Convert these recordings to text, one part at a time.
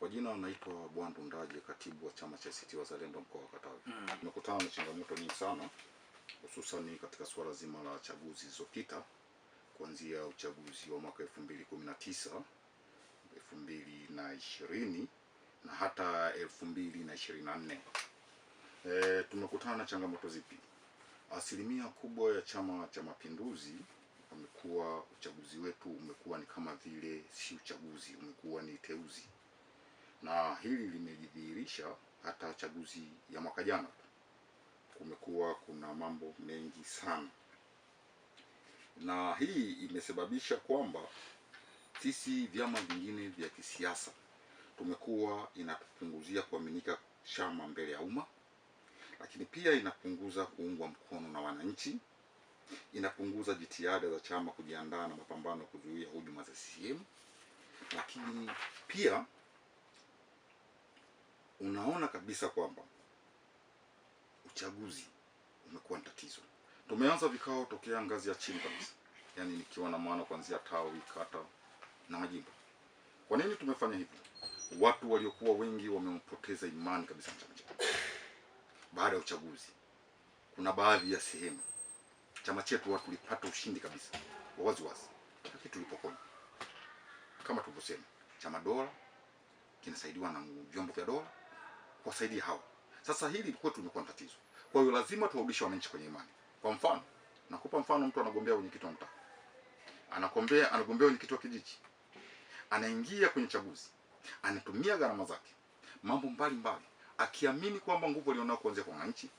Kwa jina naitwa Bwandu Ndaje, katibu wa chama cha ACT Wazalendo mkoa wa Katavi. Tumekutana mm. na changamoto nyingi sana hususan katika suala zima la chaguzi zilizopita kuanzia uchaguzi wa mwaka 2019, 2020 na na hata 2024. Eh, tumekutana na changamoto zipi? Asilimia kubwa ya Chama cha Mapinduzi wamekuwa uchaguzi wetu umekuwa ni kama vile si uchaguzi, umekuwa ni teuzi na hili limejidhihirisha hata chaguzi ya mwaka jana. Kumekuwa kuna mambo mengi sana, na hii imesababisha kwamba sisi vyama vingine vya kisiasa tumekuwa inatupunguzia kuaminika chama mbele ya umma, lakini pia inapunguza kuungwa mkono na wananchi, inapunguza jitihada za chama kujiandaa na mapambano kuzuia hujuma za CCM, lakini pia unaona kabisa kwamba uchaguzi umekuwa ni tatizo. Tumeanza vikao tokea ngazi ya chini kabisa, yaani nikiwa na maana kuanzia tawi, kata na majimbo. Kwa nini tumefanya hivyo? Watu waliokuwa wengi wamempoteza imani kabisa chama chetu baada ya uchaguzi. Kuna baadhi ya sehemu chama chetu watu tulipata ushindi kabisa wazi wazi, lakini tulipokonya, kama tulivyosema, chama dola kinasaidiwa na vyombo vya dola kuwasaidia hawa. Sasa hili kwetu limekuwa tatizo, kwa hiyo lazima tuwarudishe wananchi kwenye imani. Kwa mfano, nakupa mfano, mtu anagombea kwenye kitu mtaa, anakombea, anagombea kwenye kitu kijiji, anaingia kwenye chaguzi, anatumia gharama zake mambo mbalimbali, akiamini kwamba nguvu alionao kuanzia kwa wananchi,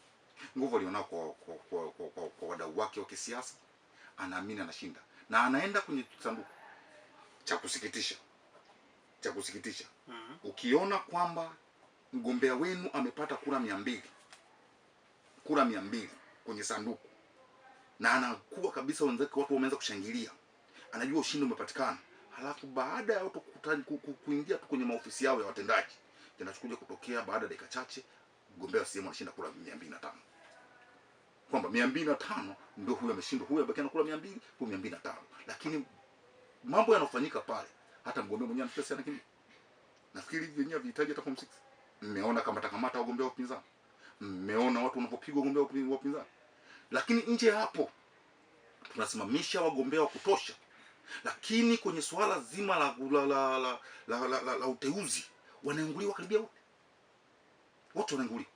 nguvu alionao kwa, kwa, kwa, kwa, kwa, kwa wadau wake wa kisiasa, anaamini anashinda na anaenda kwenye sanduku. Cha kusikitisha cha kusikitisha, uh mhm. -huh. ukiona kwamba mgombea wenu amepata kura mia mbili kura mia mbili kwenye sanduku na anakuwa kabisa, wenzake watu wameanza kushangilia, anajua ushindi umepatikana. Halafu baada ya watu kuingia tu kwenye maofisi yao ya watendaji, kinachokuja kutokea baada ya dakika chache, mgombea wa CCM anashinda kura mia mbili na tano kwamba mia mbili na tano ndio huyo ameshindwa, huyo abakia na kura mia mbili huyo mia mbili na tano Lakini mambo yanayofanyika pale, hata mgombea mwenyewe anapesa lakini Nafikiri hivi vyenyewe vihitaji hata form six mmeona kamata kamata wagombea wa upinzani, mmeona watu wanapopigwa wagombea wa upinzani. Lakini nje ya hapo tunasimamisha wagombea wa kutosha, lakini kwenye suala zima la la, la, la, la, la, la, la uteuzi wanainguliwa karibia wote, wote wanainguliwa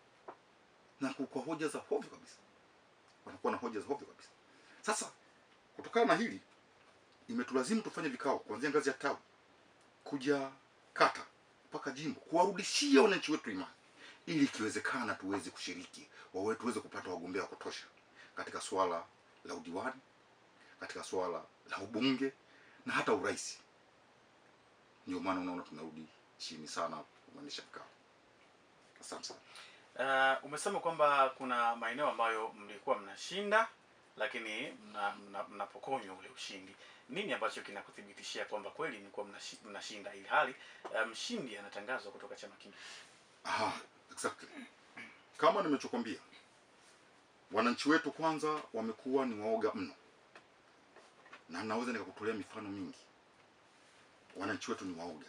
na kwa hoja za hovyo kabisa, wanakuwa na hoja za hovyo kabisa. Sasa kutokana na hili imetulazimu tufanye vikao kuanzia ngazi ya tawi kuja kata mpaka jimbo kuwarudishia wananchi wetu imani, ili ikiwezekana tuweze kushiriki wawe tuweze kupata wagombea wa kutosha katika swala la udiwani, katika swala la ubunge na hata urais. Ndio maana unaona tunarudi chini sana kuendesha vikao. Asante sana. Uh, umesema kwamba kuna maeneo ambayo mlikuwa mnashinda lakini mnapokonywa mna, mna ule ushindi, nini ambacho kinakuthibitishia kwamba kweli mlikuwa mnashinda mna ili hali eh, mshindi um, anatangazwa kutoka chama kingi? Aha, exactly. Kama nimechokwambia, wananchi wetu kwanza wamekuwa ni waoga mno, na naweza nikakutolea mifano mingi. Wananchi wetu ni waoga,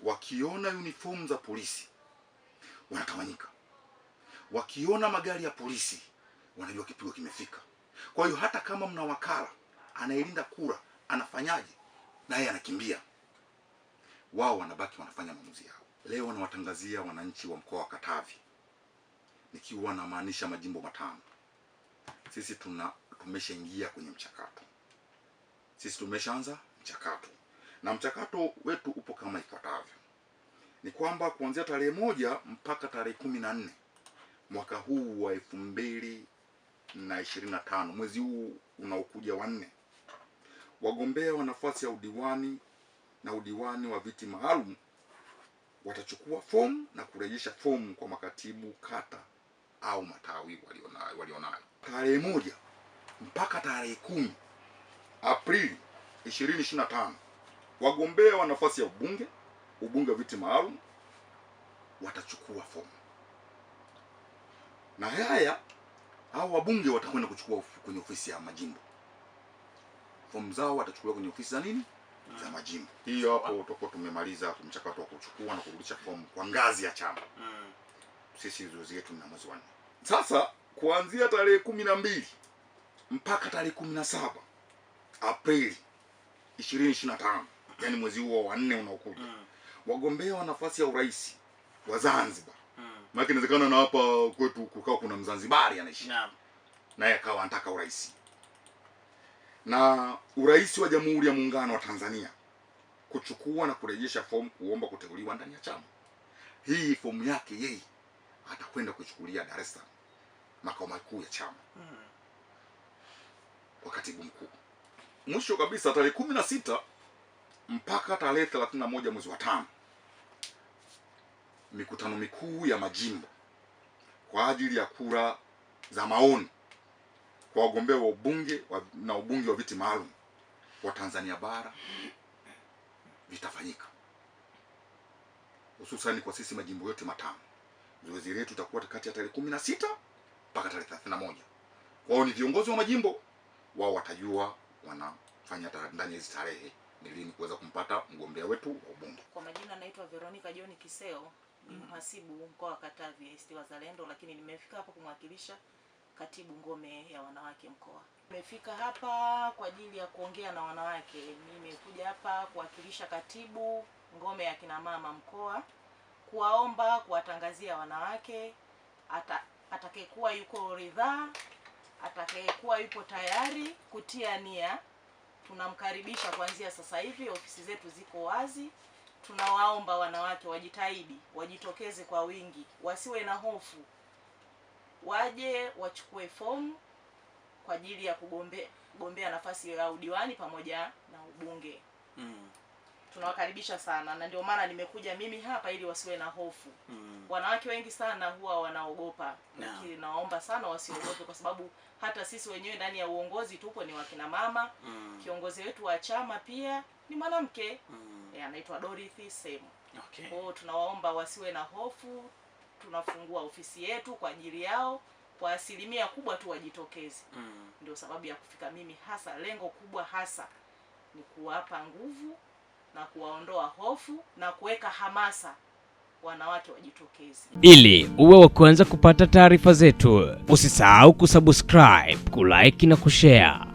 wakiona uniform za polisi wanatawanyika, wakiona magari ya polisi wanajua kipigo kimefika. Kwa hiyo hata kama mna wakala anayelinda kura anafanyaje? Naye anakimbia, wao wanabaki wanafanya maamuzi yao. Leo nawatangazia wananchi wa mkoa wa Katavi, nikiwa namaanisha majimbo matano. Sisi tuna tumeshaingia kwenye mchakato, sisi tumeshaanza mchakato na mchakato wetu upo kama ifuatavyo: ni kwamba kuanzia tarehe moja mpaka tarehe kumi na nne mwaka huu wa elfu mbili na ishirini na tano mwezi huu unaokuja wanne wagombea wa nafasi ya udiwani na udiwani wa viti maalum watachukua fomu na kurejesha fomu kwa makatibu kata au matawi walionayo walionayo tarehe moja mpaka tarehe kumi Aprili ishirini ishirini na tano wagombea wa nafasi ya ubunge ubunge wa viti maalum watachukua fomu na haya hao wabunge watakwenda kuchukua kwenye ofisi ya majimbo fomu zao watachukuliwa kwenye ofisi za nini hmm. za majimbo. Hiyo hapo tutakuwa tumemaliza mchakato wa kuchukua na kurudisha fomu kwa ngazi ya chama hmm. Sisi zoezi yetu na mwezi wa nne sasa, kuanzia tarehe kumi na mbili mpaka tarehe kumi na saba Aprili ishirini ishirini na tano yani mwezi huo wa nne unaokuja mm. wagombea wa nafasi ya urais wa Zanzibar maana inawezekana na hapa kwetu kukawa kuna Mzanzibari anaishi naye akawa anataka urais na urais wa Jamhuri ya Muungano wa Tanzania kuchukua na kurejesha fomu kuomba kuteuliwa ndani ya chama. Hii fomu yake yeye atakwenda kuchukulia Dar es Salaam, makao makuu ya chama hmm. kwa katibu mkuu. Mwisho kabisa tarehe kumi na sita mpaka tarehe thelathini na moja mwezi wa tano mikutano mikuu ya majimbo kwa ajili ya kura za maoni kwa wagombea wa ubunge na ubunge wa viti maalum wa Tanzania bara vitafanyika hususani kwa sisi majimbo yote matano. Zoezi letu itakuwa kati ya tarehe kumi na sita mpaka tarehe thelathini na moja. Kwa hiyo ni viongozi wa majimbo wao watajua wanafanya ndani ya hizi tarehe ni lini kuweza kumpata mgombea wetu wa ubunge. Kwa majina anaitwa Veronica John Kiseo ni mhasibu mkoa wa Katavi ACT Wazalendo, lakini nimefika hapa kumwakilisha katibu ngome ya wanawake mkoa. Nimefika hapa kwa ajili ya kuongea na wanawake. Nimekuja hapa kuwakilisha katibu ngome ya kina mama mkoa, kuwaomba kuwatangazia wanawake ata, atakayekuwa yuko ridhaa, atakayekuwa yupo tayari kutia nia, tunamkaribisha kuanzia sasa hivi. Ofisi zetu ziko wazi tunawaomba wanawake wajitahidi, wajitokeze kwa wingi, wasiwe na hofu, waje wachukue fomu kwa ajili ya kugombea, nafasi ya udiwani pamoja na ubunge mm tunawakaribisha sana, na ndio maana nimekuja mimi hapa ili wasiwe na hofu mm. Wanawake wengi sana huwa wanaogopa, lakini no. nawaomba sana wasiogope, kwa sababu hata sisi wenyewe ndani ya uongozi tupo ni wakina mama mm. Kiongozi wetu wa chama pia ni mwanamke mm. E, anaitwa Dorothy Semu. Okay. Kwao tunawaomba wasiwe na hofu, tunafungua ofisi yetu kwa ajili yao kwa asilimia kubwa tu wajitokeze. mm. Ndio sababu ya kufika mimi hasa, lengo kubwa hasa ni kuwapa nguvu na kuwaondoa hofu na kuweka hamasa wanawake wajitokeze. Ili uwe wa kwanza kupata taarifa zetu, usisahau kusubscribe, kulike na kushare.